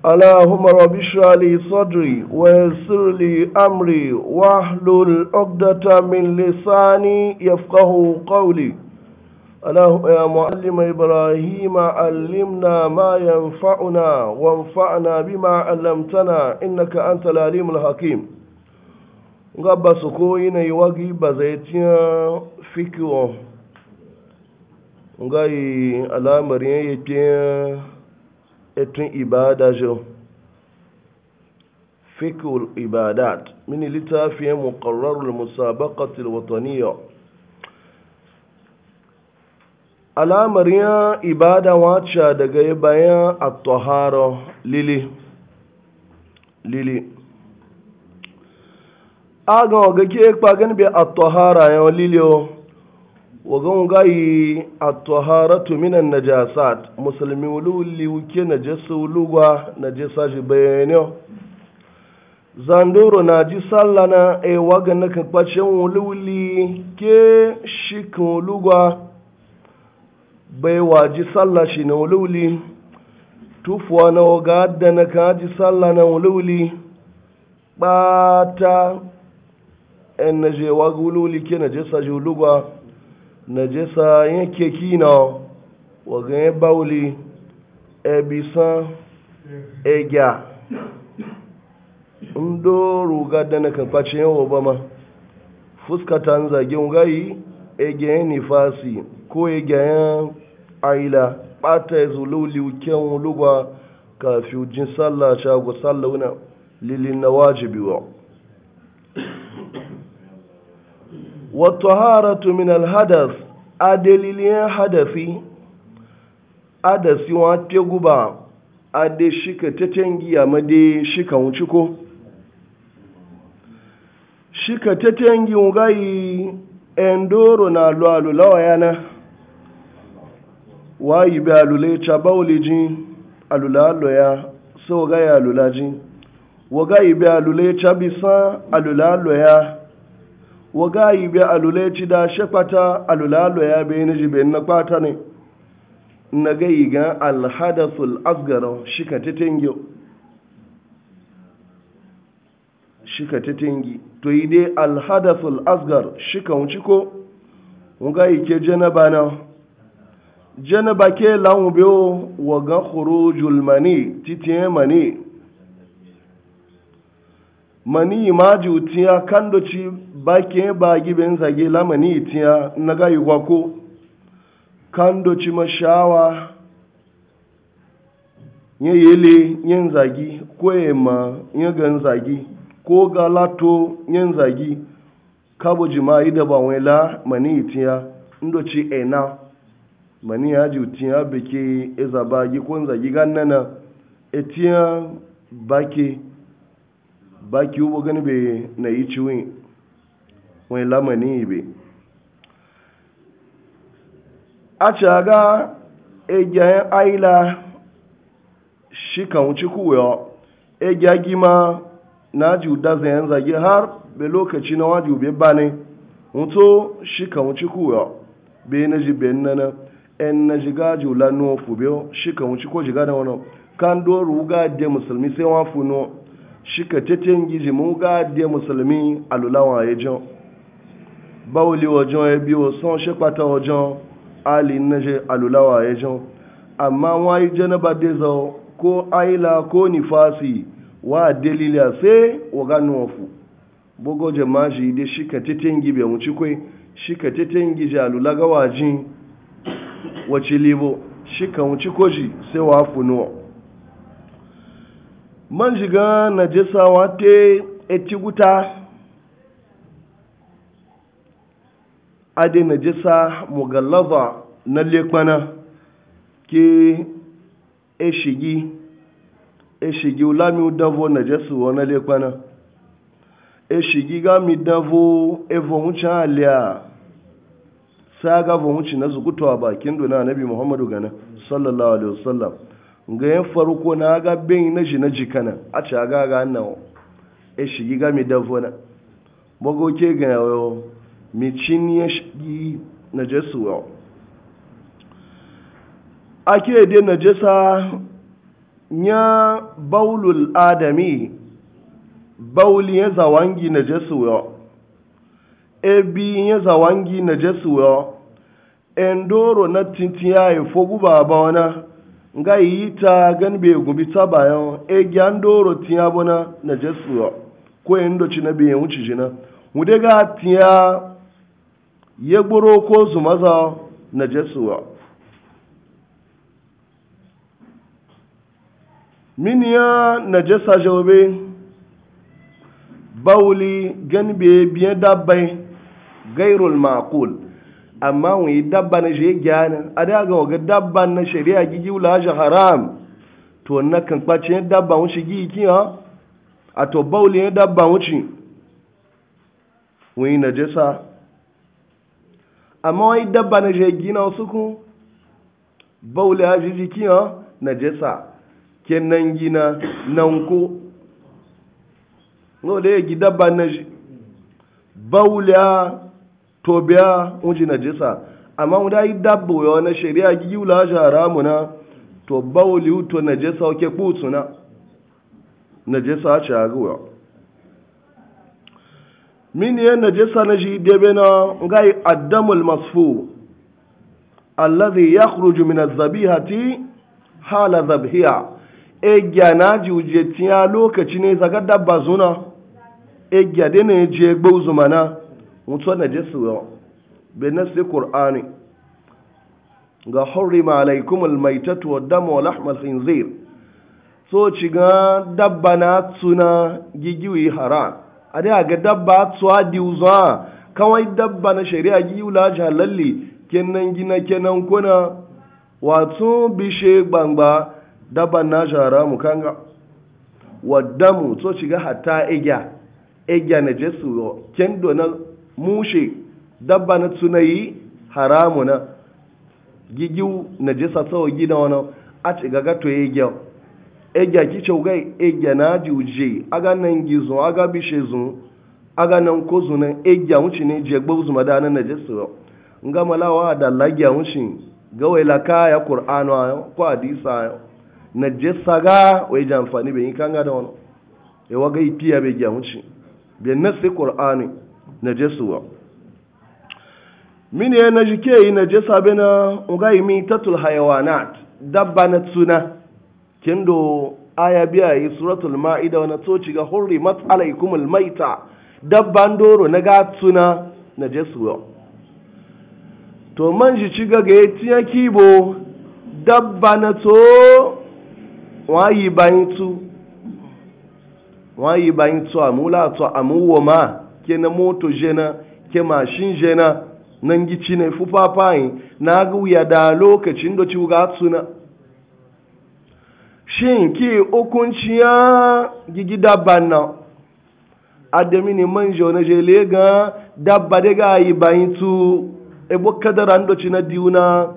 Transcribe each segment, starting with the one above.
اللهم رب اشرح لي صدري ويسر لي امري واحلل عقدة من لساني يفقه قولي اللهم يا معلم ابراهيم علمنا ما ينفعنا وانفعنا بما علمتنا انك انت العليم الحكيم غبا سكوي ني وغي بزيتيا فيكو غاي الامر يتيه etun ibada jo fikul ibadat mini littafiyan muqarrarul musabaqatil wataniyya alamar ya ibada wacce daga bayan at-tahara lili lili aga ga ke gani bi at-tahara ya lili o wagon gayi a taharatu minan najasat musulmi wuli wuke najasa wulugwa najasa shi bayaniyo zandoro na ji sallah na e waga na kan kpacin wuli ke shikin wulugwa bai wa ji sallah shi na wuli tufuwa na waga da na kan ji sallah na wuli ɓata en na je waga wuli ke najasa shi wulugwa najasa yake kina waga ya bauli ebisan egya ndo ruga da na kakwace yawa ba ma fuskata n zage ngayi egya nifasi ko egya ya aila bata ya zulu liuken lugwa kafin jin sallah shago sallah wuna lilin na wajibi wa wataharatu min alhadas a dalilin hadasi adasi wa te guba a da shika ta tangiya ma da shika wuce ko shika ta tangi wugayi endoro na lualu lawa yana wayi bi alule cha baulijin alulalo ya so gaya alulaji wagayi bi alule cha bisa alulalo ya waga yi bi alule ci da shafata alulalo ya bai na jibe na kwata ne na gayi ga alhadasul asgaro shika ta titingi shika ka to yi dai alhadasul asgar shika ka wuci ko waga yi ke janaba na janaba ke lanwube waga khurujul mani titiye mani mani ma jutiya kan do ci bake ba giben zage la mani tiya na ga yuwa ko kan do ci nye yele nye zagi ko ma nye gan zagi ko galato nye zagi kabo jima'i da ba wela mani tiya ndo ci ena mani ya jutiya e bake ezaba gi ko zagi gannana etiya bake baki ubo gani be na yi ciwin wani lamani be a caga egyayen aila shi kan wuce kuwa egya gima na ji da zayen zage har be lokaci na waji be bane mutu shi kan wuce kuwa be na ji be nana en na jiga jula nuwa fube shi kan wuce ko jiga da wani kan doru ga de musulmi sai wa funo shika cecen gizi mu ga de musulmi alulawa ya jan bawuli wajen ya biyo son pata wajen ali na je alulawa ya jan amma wayi janaba de zo ko aila ko nifasi wa dalila sai wa gano wafu bugo jama'a shi de shika cecen gibe mu ci shika cecen gizi alulaga wajin wace libo shika mu koji sai wa funuwa man shiga najasa wate eti guta ade najasa mugallaba na lekwana ke eshigi eshigi ulami na najasa na lekmana eshigi ga mi davo evoncha alia aga vonchi na zukutwa bakin dona nabi muhammadu gana sallallahu alaihi wasallam ga yin farko na ga bin na shi na jikana a ci a ga nan e shigi ga mi dafo na bago ke ga yawo mi cin ya shigi na jesu a ke dai na jesa ya baulul adami bauli ya zawangi na jesu wa ebi ya zawangi na jesu wa endoro na tintiya ya e fogu ba ba wana nga yi ta gan be gumbi ta bayan e gyan doro tiya bona na jesuwa ko yin doci na biyan wuce jina wude ga tiya ya gboro ko su maza na jesuwa miniya na jesa jawabe bawuli gan be biyan dabbai gairul ma'qul amma wani dabba na shi gyana a da ga waga dabba na shari'a gigi wula shi haram to na kan kwace yin dabba wuce gigi ki ha a to bauli yin dabba wuce wani na najasa amma wani dabba na shi gina wasu kun bauli ya shi jiki ha na najasa kenan gina nan ko no da ya gi dabba na shi bauli ya to biya na najisa amma wanda yi dabbo ya na shari'a gi yula haramu na to bawli to najisa wake kutsu na najisa ce aguwa min ya najisa na shi debe na gai adamul masfu alladhi yakhruju min az-zabihati hala zabhiya e gyana uje tiya lokaci ne zaga dabba zuna e gyade ne je gbau zumana mutuwa na jesu yau bai nasi ƙur'ani ga hurrima alaikum almaitatu wa damu wa lahmal khinzir so ci ga dabba na tuna gigiwi hara a dai ga dabba tsuwa diwuza kawai dabba na shari'a gigiwi laji halalli kenan gina kenan kuna wato bishe gbangba dabba na jara mu kanga wa damu so ci ga hata igya igya na jesu yau kendo na mushe dabba na tsunayi haramu na gigiu na jisa tsawo gina wani a ci gaga to ya gyau egya kice gai egya na ji uje aga nan gizo aga bishe zo aga nan ko zo nan egya wuce ne je gbo zuma da nan najisa nga malawa da lagya wuce ga wai la kaya qur'anu ayo ko hadisa ayo najisa ga wai ji amfani bai kan ga da wani e waga ipiya bai gya wuce bai nasi qur'ani najasuwa min ya na ke yi na jesa bena nga yi mi tatul hayawanat dabba na tsuna kendo aya biya yi suratul ma'ida wani toci ga hurri alaikum maita dabban doro na ga tsuna na to man ji ci gaga ya tiya kibo dabba na to wayi bayin tu wayi bayin tu amula to amuwa ma ke na moto jena ke mashin jena nan gici ne fufafayin na ga wuya da lokacin da ciwuga suna shin ki ya gigi dabba na adami ne man na jele ga dabba da ga yi bayin tu ebo kadara ndo na diuna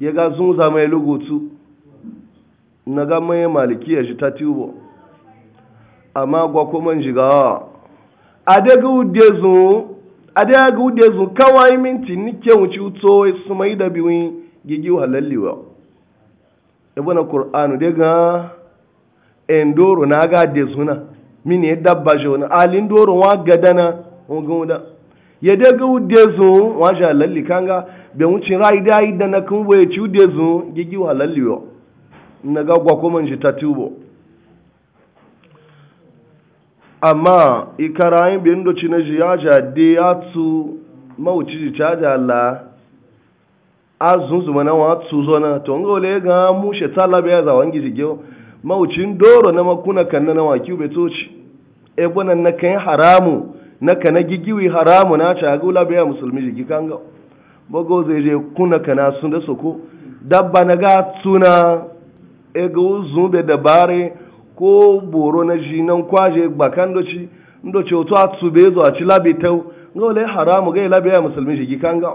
ya ga sun zama lugutu na ga mai maliki ya ji ta tubo amma gwa kuma jigawa adega ude zu kawai minti nike wuce uto su mai da biyu gigi halalliwa ibana qur'anu daga endoro na ga de zuna mini dabba na alin doro wa gadana ngunda ya daga ude zu wa ja lalli kanga be wuce rai da yi na kun waye ci ude zu gigi halalliwa na ga gwa kuma ji tatubo amma ikarayin bin doci na jiyaja de ya tu mawuci ji caja la a zunzuma na wa tu zona to nga ole ga mu she tala be za wangi ji gyo mawucin doro na makuna kanna na waki be toci e bona na kan haramu na kana gigiwi haramu na ca gula be musulmi ji kanga bogo zai je kuna kana sun da soko dabba na ga tuna e ga uzun be dabare ko boro na ji nan kwaje gbakan doci ndoci otu a tsube zo a ci labi tau ga wale haramu ga labi ya musulmi shi gikan ga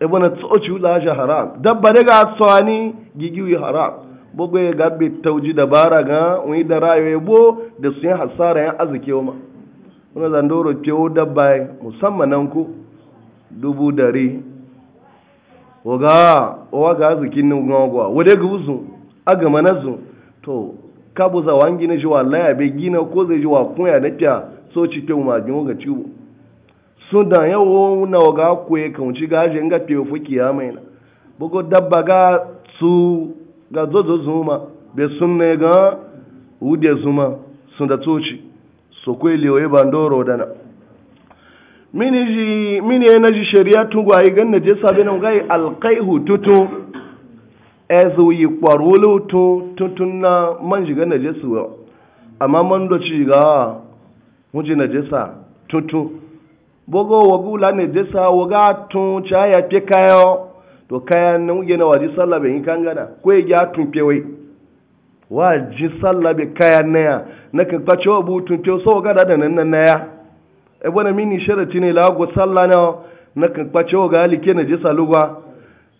ebe na tsoci wula haram dabba daga tsawani gigiwi haram bugu ya gabi tauji dabara ga wani da rayuwa bo da sun yi hasara ya arziki ma wani zandoro tewo dabba musamman nan ku dubu dari to kabu za wangi na shi wa laya bai gina ko zai shi wa kunya na fiya so ci ke ma gin ga ciwo so da yawo na waga ku e kan ci ga je ga fiye fuki ya mai na dabba ga su ga zozo zuma bai sun ne ga ya zuma sun da toci so ko ile oye bandoro dana mini ji mini na ji shari'a tun gwaye jesa je sabe nan gai alkaihu tutu ezu yi kwaru lutu tuntun na man shiga najesu amma man do ci ga muji najesa tutu bogo wagula najesa waga tun cha ya pe kayo to kaya na wuge na waji sallah yi kan gana ko ya ga tun pe wai waji sallah bai kaya na ya na kan kwace wa butun pe so waga da nan na ya e bona mini sharati ne lago sallah na na kan kwace wa ga like najesa lugwa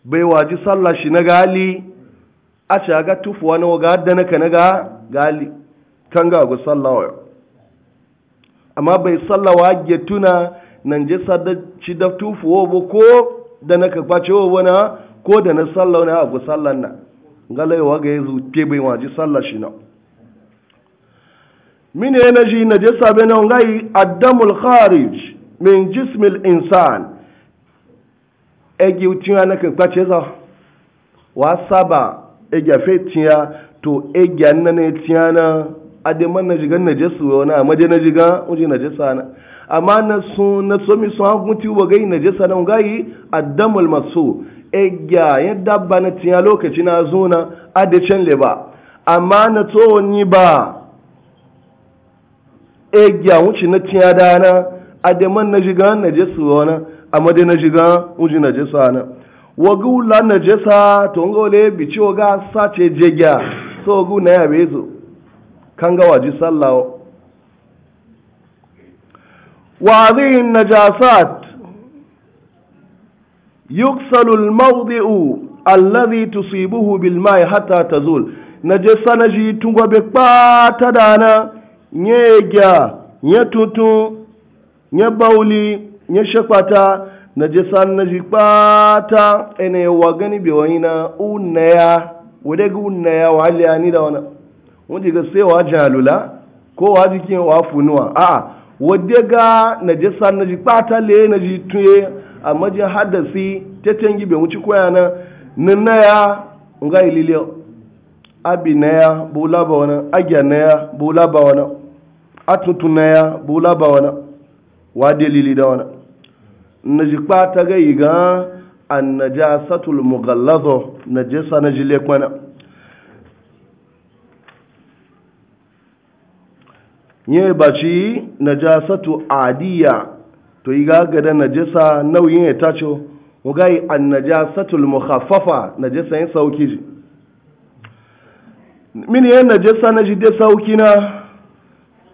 bai waji sallah shi na gali a ce ga tufuwa na waga da na ka na ga gali kan ga ga sallah amma bai sallah wa ge tuna nan je sadda ci da tufuwa ba ko da na ka kwace wa wana ko da na sallah na ga sallan na galai wa ga yanzu ke bai waji sallah shi na mini na ji na je sabe na ngai addamul kharij min jismil insani egi tiya na kan kwace za wa saba egi fe tiya to egi anna ne tiya na ade man na jigan na jesu na amaje na jiga uje na jesa na amma na so na so mi so hagun ti wa gai na jesa na ngai addamul masu egi ya dabba na tiya lokaci na zo na ade can le ba amma na to ni ba egi a wuce na tiya dana ade man na jiga na jesu na amma dai na shiga uji na jesa na wagu la na jesa to ngo le bi waga sace jegya so wagu na ya bezo kan ga waji sallah wa hadhihi najasat yuksalu al-mawdi'u alladhi tusibuhu bil ma'i hatta tazul najasa naji tungwa be pata dana nyegya nyetutu nyebauli nye shekwata na je na ji kpata ene wa gani be wani na unaya wode ga unaya wa hali ni da wana wode ga sai wa jalula ko wa jikin wa funuwa a a wode ga na je na ji kpata le na ji tuye amma je hadasi teten gi be wuci koya na ya nga ililio abi naya bula ba wana agya naya bula ba wana atutu naya bula ba wana wa delili da wana na ji kpata ga yi ga an na ja satul mughallazo na jesa na kwana ye baci na ja adiya to yi ga gada na nauyin ya tacho wugayi an na ja satul mukhaffafa na yin sauki ji mini yan najasa jesa na sauki na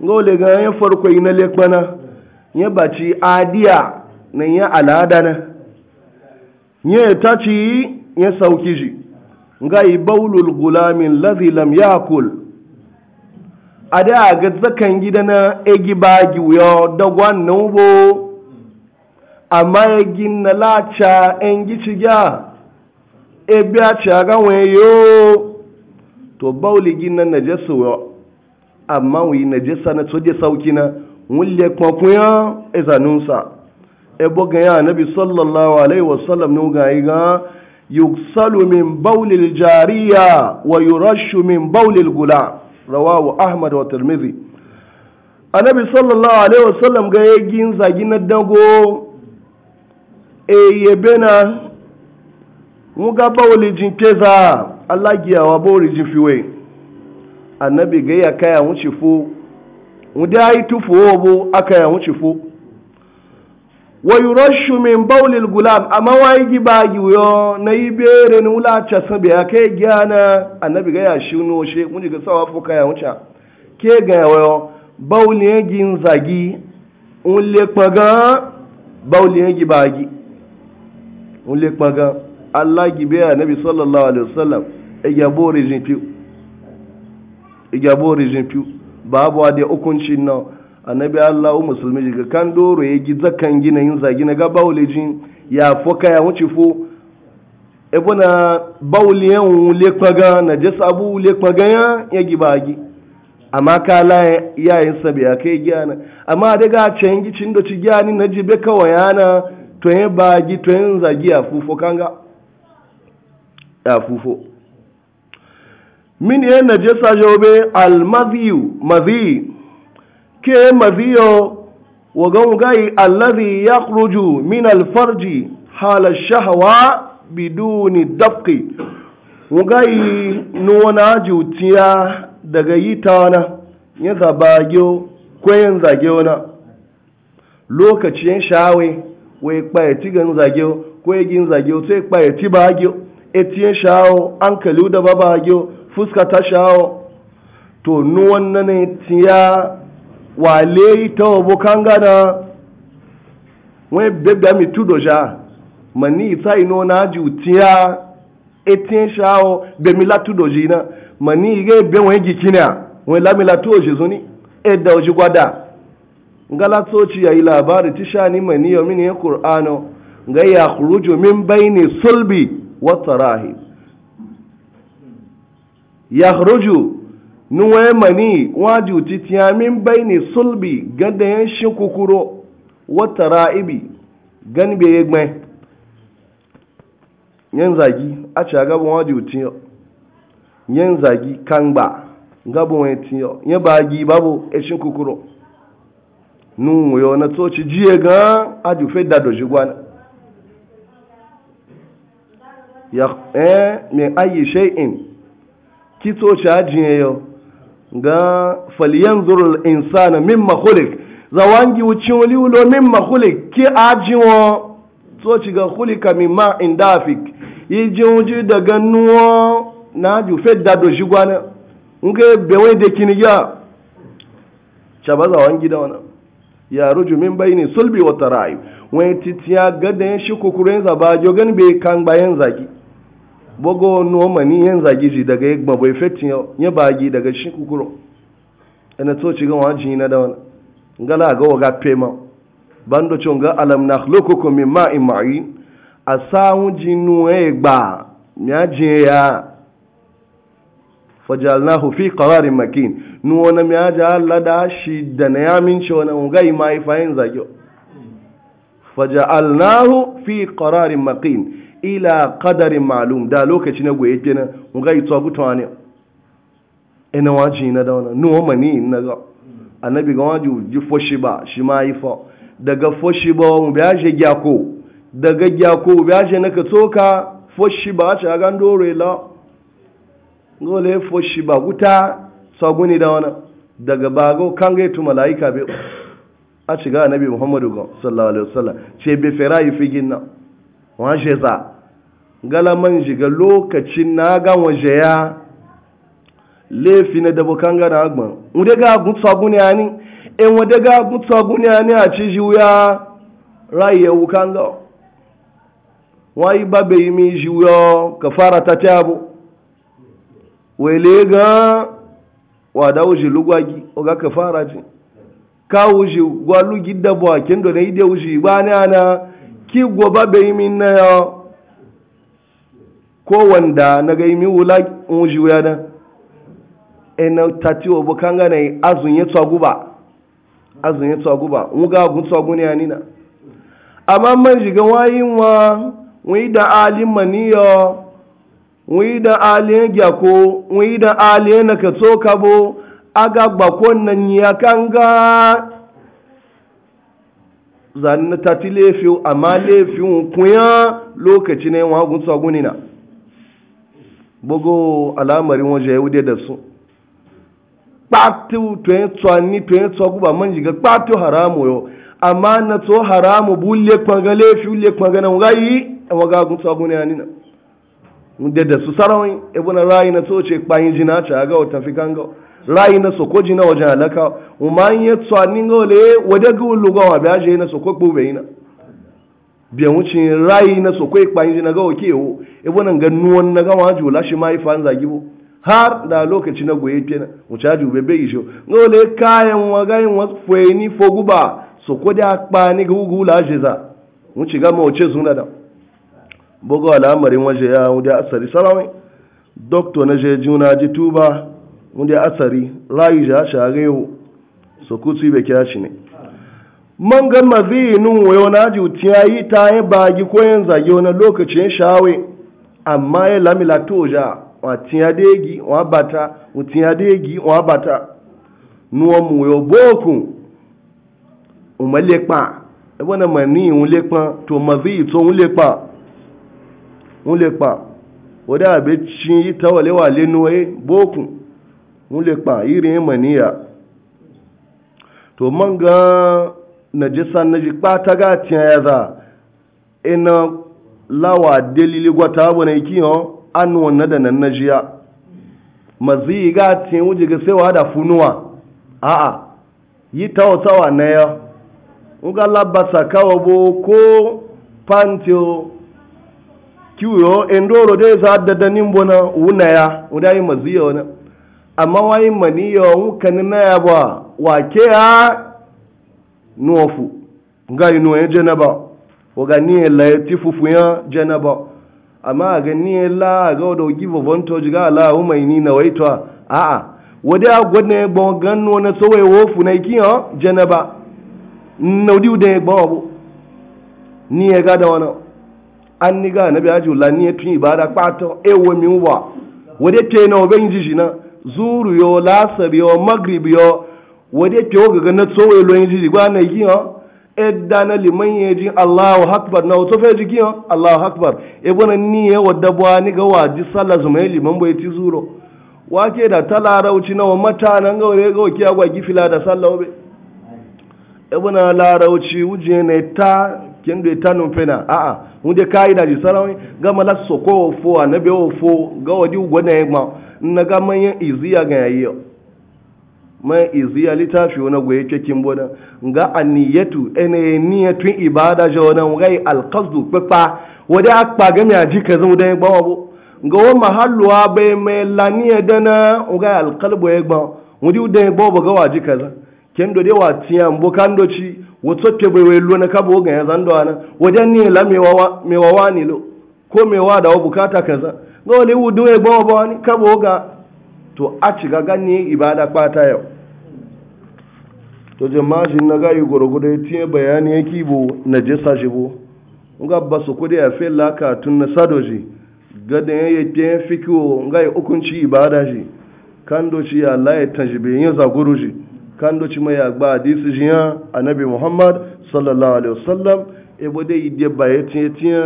ngole ga yan farko yi na lekmana ye baci adiya nan ya al'ada na yin ta ci ya sauki ji ga yi baulul gulamin lazi lam kul a da ga zakan gida na egi bagi wuyo da gwanin ubo amma ya gina lacha en gici gya ebe a ci aga yo to bauli gina na jesu wuyo amma wuyi na jesa na soje sauki na wulle kwakwuyan ezanunsa ebo ga ya nabi sallallahu alaihi wasallam nu ga ga yuksalu min bawlil jariya wa yurashu min bawlil gula rawahu ahmad wa tirmidhi annabi sallallahu alaihi wasallam ga ya gin zagi na dago e yebena mu ga bawli jin keza Allah giya wa bawli jin fiwe annabi ga ya kaya mu ci fu mu da yi tufu obo aka ya mu ci fu wa yurashu min bawlil gulam amma wai giba giyo na ibere ni wula cha sabe akai gyana annabi ga ya shi no she mun ga sawa fuka ya wuce ke ga wayo bawli ya gin zagi un le paga bawli ya giba gi un le paga Allah gibe annabi sallallahu alaihi wasallam e gabo rijin piu e gabo rijin piu babu ade hukuncin nan annabi Allah musulmi jiga kan doro ya gi zakan gina yin zagi na ga baulejin ya foka ya wuce fo ebona bauli yan wule kwaga na jesa abu wule kwaga ya ya gi bagi amma kala ya yin sabi ya kai gyana amma daga can gi cin da ci gyani na jibe kawai yana to yin bagi to yin zagi ya fufo kanga ya fufo min yan najasa jobe al mazi ke maziyo wagan gai allazi ya ruju min alfarji halar shahawa biduni dafki gai nuna jutiya daga yi tana ya zabagyo kwayan zage na lokacin shawai wai kpayati gan zagyo kwaye gin zagyo sai kpayati bagyo etiyen shawo an kalu da babagyo fuska ta shawo to nuwan na ne tiya wale ita wabo kangana wọn bẹbẹ mi tu dọjà mà ní ìta iná náà ju tíya etí ń ṣá ọ bẹmi látú dọjì iná mà ní ìgé bẹ wọn jì kíni à wọn lámi látú òṣè sóní ẹdá òṣè gbádà ngala tsoci yayi labari ti sha ni mani yomi ne qur'ano ga ya khuruju min baini sulbi wa tarahib ya khuruju nuwa mani waju titiya min sulbi gada yan shi kukuro wata ra'ibi gan be yegme yan zagi a ci a gaban waju tiyo yan zagi kan ba gaban wani tiyo ya bagi babu e shi kukuro nun yo na toci jiye ga aju fe da doji gwana ya eh mai ayi shay'in kito ci ajiye yau ga faliyan zurul insana min makhulik za wangi wucin wuli wulo min makhulik ki ajiwo so ci ga khulika min ma indafik yi wuji daga gannuwa na ju da do shi gwana nke bewe da kini ya caba za wangi da wani ya ruju min bayni sulbi wa tarayu wani titiya gadan shi kukurin zaba jogan bai kan bayan zaki bogo no mani yan zagi ji daga yagba bai fetin ya bagi daga shi kukuro ina to ci ga waji na da wani ngala ga waga pema bando chonga alam nakhluqukum min ma'in ma'in asawu jinu egba nya ya fajalnahu fi qararin makin nu wani mi ji Allah da shi da na ya mince wani ungai ma yi fayin zagi hmm. fajalnahu fi qararin makin ila qadarin ma'lum da lokaci na goye kenan ga ito gutwa ne ina waji na da wannan no mani na ga annabi ga waji ji foshi ba shi ma yi fa daga foshi ba mu biya aje gyako daga gyako aje na ka toka foshi ba a ga ndore la ngole foshi ba guta saguni da wani daga bago kange tu malaika be a shiga annabi muhammadu sallallahu alaihi wasallam ce be fera yi figin na wa sheza galaman shiga lokacin na ga waje ya laifi na dabo kan gana agban wade ga gutsu aguni ani e wade ga gutsu aguni ani a ci jiwuya rayi ya wukan ga wayi babe yi mi jiwuya ka fara ta tabo wele ga wada wuji lugwagi oga ka fara ji ka wuji gwalugi dabo a kendo na ide wuji ba ni ana ki gwaba be yi min na ya. ko wanda na ga imi wula unji wuya na e na tati obo kanga na azun ya tsagu ba azun ya tsagu ba mu ga gun tsagu ne anina amma man jiga wayin wa wi da alim maniyo wi da alim gyako wi da alim na ka tsoka bo aga gbakon nan ya kanga zanen tati lefi amma lefi kunya lokaci ne wa gun tsagu ne na bogo alamarin waje yahudi da su kpatu to yin tsanni to yin tsagu ba man kpatu haramu yo amma na to haramu bulle kwangale fi bulle na nga yi waga gun tsagu ne anina da da su sarawin ibn rayi na to ce kpayin jina ta ga wata fi kanga rayi na soko jina wajen halaka umman ya tsanni ngole wadagu lugawa aje na soko gbube ina biyan wucin rayi na so kwai kpanyi na gawa kewo ibo e nan ga nuwan na gawa lashe lashi mai fa'an zagi bo har da lokaci na goye na wuce aju be be isho wale kayan wagayin wasu fweni foguba so ko da kpani ga ugu la za wuce gama wuce sun da bugu al'amarin waje ya wuce asari salamai doktor na je juna ji tuba wuce asari rayi ja shagayo so kutu be kira shi ne man ga mazinun wayo na juti ya yi ta yi bagi ko yin zage wani lokacin shawe amma ya lamila toja wa tiya degi wa bata wa tiya degi wa bata nuwa mu yo boku umalepa e na mani lepa to mazi to lepa o da be chin yi tawale wale wa lenu e boku lepa irin ya to manga najisan na jikpa ta ga tiya za ina lawa delili gwata abu na ikiyo hon an wannan da nan najiya mazi ga tiya wuji ga sewa da funuwa a'a yi tawa na ya nga labasa kawo bo ko pantio kiwo endoro dai za da nimbo na wuna ya wanda yi maziya wani amma mani ya wukanin na ya ba wake ya nuwafu nga yi nuwa jenaba oga niye la ti fufu ya jenaba ama ga niye la ga wada gi vovonto jiga la umai ni na waitwa a'a wada ya gwadna ya gbawa gano na sowe wofu na iki ya janaba na wadi wuda ya gbawa bu niye ga da wana an ni ga nabi aji la niye tun ibada e ewo mi wa wada te na o obin jiji na zuru yo lasar yo magrib yo wade ke wo gaga na tsowe lo yin jiji gba na yi ha edda na liman ye ji Allahu akbar na wato fe ji ha Allahu akbar e bona ni ye wadda bwa ni ga waji sallah zuma ye liman bai ti zuro wake da talara uci na wa mata nan ga wore ga kiya gwa gifila da sallah obe e bona lara uci uje ne ta kin da ta nun a a mun dai kai da ji sarawi ga mala soko fo na be fo ga wadi gwana ma na ga manyan iziya ga yayi mai iziya littafi wani goye cikin bona ga aniyatu ene niyatun ibada ja wani gai alqasdu pepa wadi akpa ga mi aji kaza wadi gba wa bo ga wa mahalluwa bai mai laniya dana ga alqalbu ya gba wadi wadi gba ba ga waji kaza kendo dai wa tiyan bo kando ci wato te bai wai lona ka bo ga ya zando ana wadi ni la mi wawa mi wawa ni lo ko mi wa da bukata kaza ga wali wudu ya gba wa ni ka bo ga to a ci ga gani ibada kwata yau to shi na gayi gwargwado ya tiye bayani ya kibo na jesa shi bo nga ba su kudi a fe laka tun na sado shi gadon ya yi fiye fikiwo nga yi hukunci ibada shi kan doci ya laye tanjibe yin zaguru shi kan doci mai ya gba hadisi shi ya annabi muhammad sallallahu alaihi wasallam ebo yi ide baye tiye tiye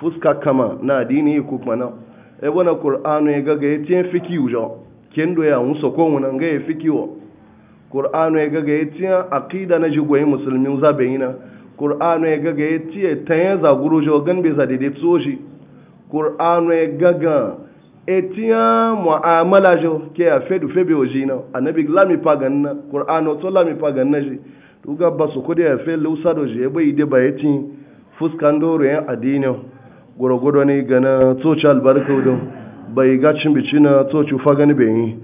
fuska kama na adini ko kuma na ebo na qur'anu ya gaga ya tiye fikiwo jo kendo ya musa ko wona nga ya fikiwo ƙur'anu ya gaga ya tiya aƙida na za musulmin zabeyina ƙur'anu ya gaga ya tiya ta yin zaguru jo gan bai sa daidai so shi ƙur'anu ya gaga ya tiya mu'amala jo ke a fedu febe wa jina annabi lami pagan na ƙur'anu to lami pagan na shi duga basu su kudi ya fe lusa da shi ya bai de ba ya ti fuskan doro yan adini gwargwado ne gana tsoci albarka don bai gacin bicina na tsoci fagani bai yi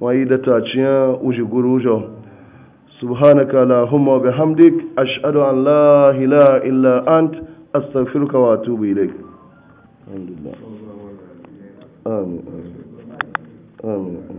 wayi da taciya uji gurujo subhanaka allahumma bihamdik ashhadu an la ilaha illa ant astaghfiruka wa atubu ilaik alhamdulillah amin amin